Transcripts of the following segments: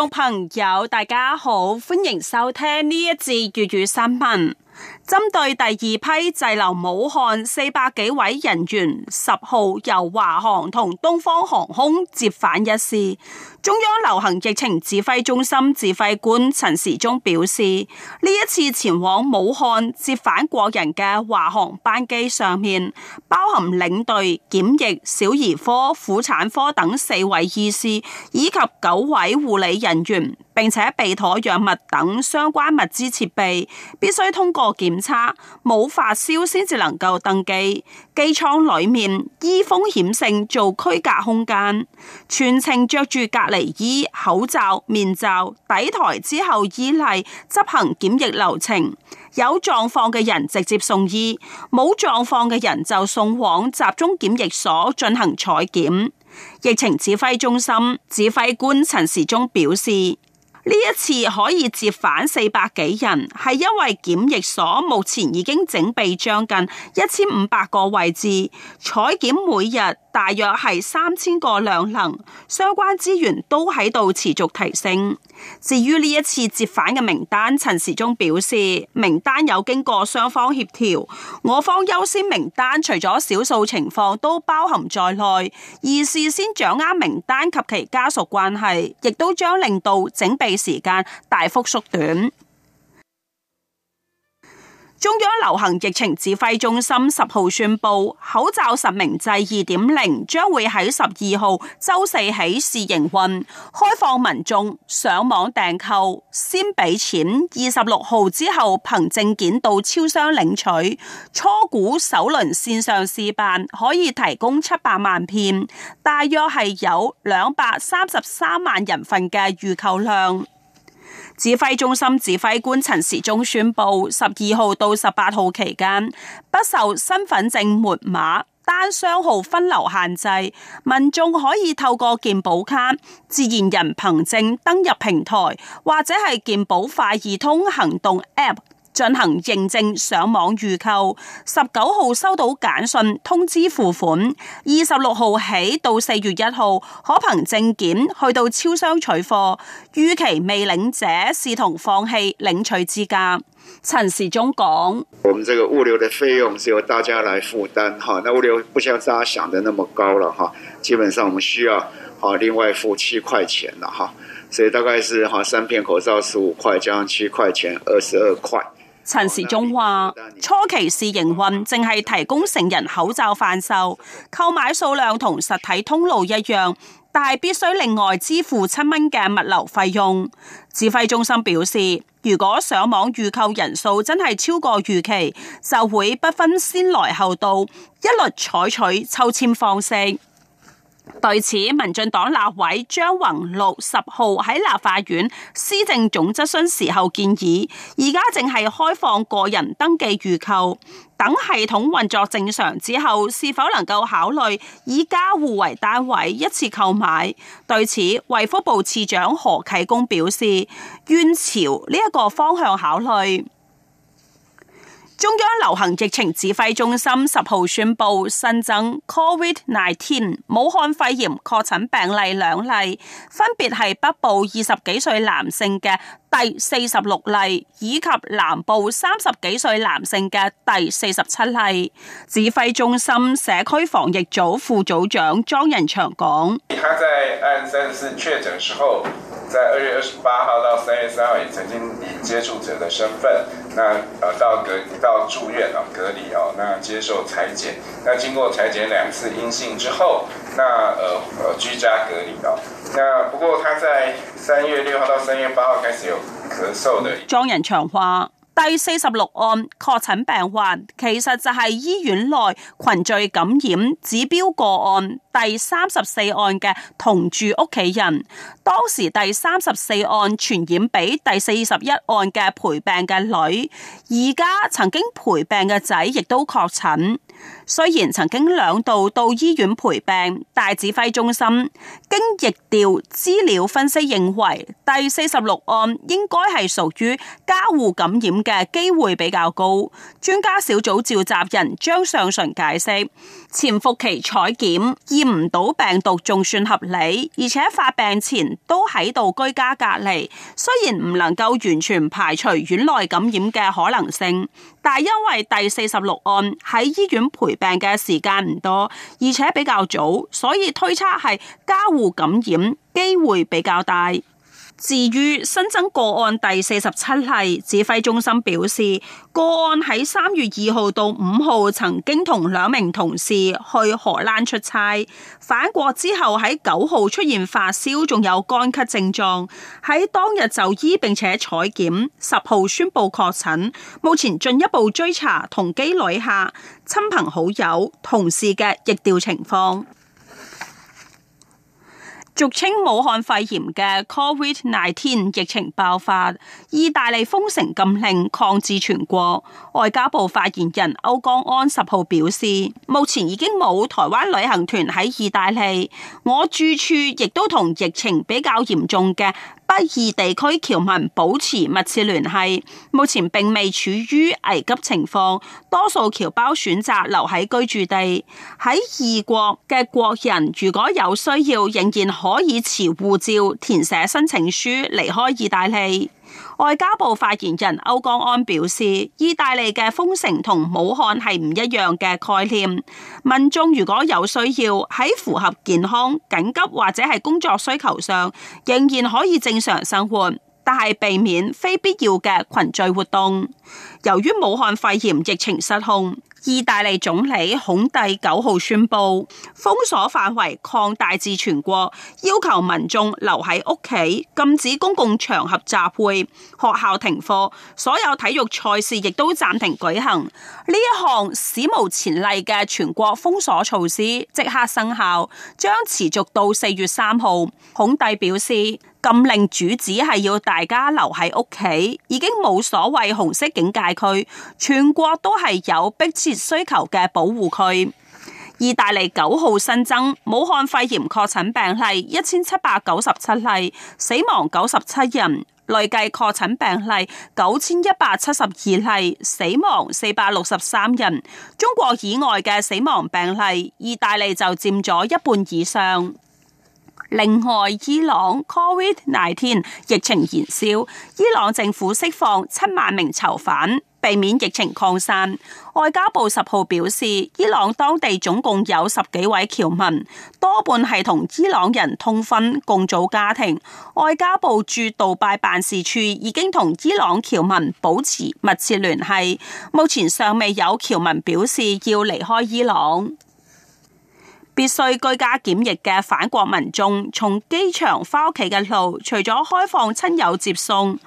觀眾朋友，大家好，歡迎收聽呢一節粵語新聞。針對第二批滯留武漢四百幾位人員，十號由華航同東方航空接返一事，中央流行疫情指揮中心指揮官陳時中表示，呢一次前往武漢接返國人嘅華航班機上面，包含領隊、檢疫、小兒科、婦產科等四位醫師以及九位護理人員，並且備妥藥物等相關物資設備，必須通過檢。差冇發燒先至能夠登機，機艙裏面依風險性做區隔空間，全程着住隔離衣、口罩、面罩，抵台之後依例執行檢疫流程。有狀況嘅人直接送醫，冇狀況嘅人就送往集中檢疫所進行採檢。疫情指揮中心指揮官陳時中表示。呢一次可以接返四百幾人，係因為檢疫所目前已經整備將近一千五百個位置，採檢每日。大約係三千個量能，相關資源都喺度持續提升。至於呢一次接返嘅名單，陳時中表示，名單有經過雙方協調，我方優先名單除咗少數情況都包含在內，而事先掌握名單及其家屬關係，亦都將令到整備時間大幅縮短。中央流行疫情指揮中心十號宣布，口罩實名制二點零將會喺十二號周四起試營運，開放民眾上網訂購，先俾錢，二十六號之後憑證件到超商領取。初估首輪線上試辦可以提供七百萬片，大約係有兩百三十三萬人份嘅預購量。指揮中心指揮官陳時中宣布，十二號到十八號期間，不受身份證號碼、單雙號分流限制，民眾可以透過健保卡、自然人憑證登入平台，或者係健保快易通行動 App。進行認證上網預購，十九號收到簡訊通知付款，二十六號起到四月一號可憑證件去到超商取貨，逾期未領者視同放棄領取資格。陳時中講：我們這個物流的費用是由大家來負擔哈，那物流不像大家想的那麼高了哈，基本上我們需要另外付七塊錢啦哈，所以大概是三片口罩十五塊加上七塊錢二十二塊。陳時中話：初期試營運，淨係提供成人口罩販售，購買數量同實體通路一樣，但係必須另外支付七蚊嘅物流費用。指揮中心表示，如果上網預購人數真係超過預期，就會不分先來後到，一律採取抽籤方式。對此，民進黨立委張宏陸十號喺立法院施政總質詢時候建議，而家淨係開放個人登記預購，等系統運作正常之後，是否能夠考慮以家戶為單位一次購買？對此，衛福部次長何啟功表示願朝呢一個方向考慮。中央流行疫情指揮中心十號宣布新增 COVID nineteen 武漢肺炎確診病例兩例，分別係北部二十幾歲男性嘅第四十六例，以及南部三十幾歲男性嘅第四十七例。指揮中心社區防疫組副組長莊仁祥講：2 在二月二十八號到三月三號，也曾經以接觸者的身份，那，呃，到隔到住院哦，隔離哦，那接受採檢，那經過採檢兩次陰性之後，那，呃，呃，居家隔離哦，那不過他在三月六號到三月八號開始有咳嗽的。莊人祥話，第四十六案確診病患其實就係醫院內群聚感染指標個案。第三十四案嘅同住屋企人，當時第三十四案傳染俾第四十一案嘅陪病嘅女，而家曾經陪病嘅仔亦都確診。雖然曾經兩度到醫院陪病，但指揮中心經疫調資料分析認為，第四十六案應該係屬於家戶感染嘅機會比較高。專家小組召集人張上淳解釋，潛伏期採檢。見唔到病毒仲算合理，而且發病前都喺度居家隔離。雖然唔能夠完全排除院內感染嘅可能性，但因為第四十六案喺醫院陪病嘅時間唔多，而且比較早，所以推測係家戶感染機會比較大。至於新增個案第四十七例，指揮中心表示，個案喺三月二號到五號曾經同兩名同事去荷蘭出差，返國之後喺九號出現發燒，仲有乾咳症狀，喺當日就醫並且採檢，十號宣布確診，目前進一步追查同機旅客、親朋好友、同事嘅疫調情況。俗稱武漢肺炎嘅 Covid-19 疫情爆發，意大利封城禁令，擴至全國。外交部發言人歐江安十號表示，目前已經冇台灣旅行團喺意大利，我住處亦都同疫情比較嚴重嘅。北義地區僑民保持密切聯繫，目前並未處於危急情況。多數僑胞選擇留喺居住地。喺異國嘅國人，如果有需要，仍然可以持護照填寫申請書離開義大利。外交部發言人歐江安表示，意大利嘅封城同武漢係唔一樣嘅概念。民眾如果有需要，喺符合健康、緊急或者係工作需求上，仍然可以正常生活。但係避免非必要嘅群聚活動。由於武漢肺炎疫情失控，意大利總理孔蒂九號宣布，封鎖範圍擴大至全國，要求民眾留喺屋企，禁止公共場合集會，學校停課，所有體育賽事亦都暫停舉行。呢一項史無前例嘅全國封鎖措施即刻生效，將持續到四月三號。孔蒂表示。禁令主旨係要大家留喺屋企，已經冇所謂紅色警戒區，全國都係有迫切需求嘅保護區。意大利九號新增武漢肺炎確診病例一千七百九十七例，死亡九十七人，累計確診病例九千一百七十二例，死亡四百六十三人。中國以外嘅死亡病例，意大利就佔咗一半以上。另外，伊朗 COVID-19 疫情延燒，伊朗政府釋放七萬名囚犯，避免疫情擴散。外交部十號表示，伊朗當地總共有十幾位僑民，多半係同伊朗人通婚，共組家庭。外交部駐杜拜辦事處已經同伊朗僑民保持密切聯繫，目前尚未有僑民表示要離開伊朗。必須居家檢疫嘅返國民眾，從機場返屋企嘅路，除咗開放親友接送、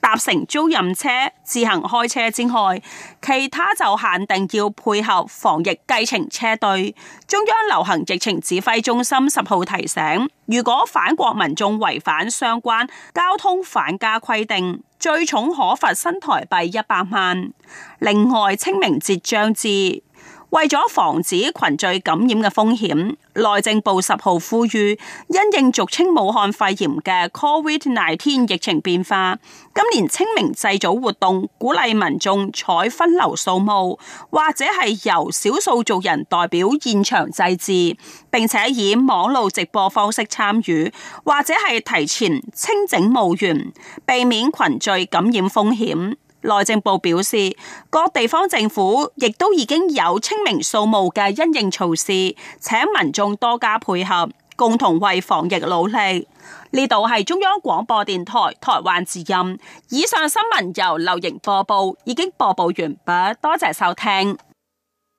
搭乘租賃車、自行開車之外，其他就限定要配合防疫計程車隊。中央流行疫情指揮中心十號提醒，如果返國民眾違反相關交通返家規定，最重可罰新台幣一百萬。另外，清明節將至。為咗防止群聚感染嘅風險，內政部十號呼籲，因應俗稱武漢肺炎嘅 COVID-19 疫情變化，今年清明祭祖活動鼓勵民眾採分流掃墓，或者係由少數族人代表現場祭祀，並且以網路直播方式參與，或者係提前清整墓園，避免群聚感染風險。內政部表示，各地方政府亦都已經有清明掃墓嘅因應措施，請民眾多加配合，共同為防疫努力。呢度係中央廣播電台台灣之音，以上新聞由劉瑩播報，已經播報完畢，多謝收聽。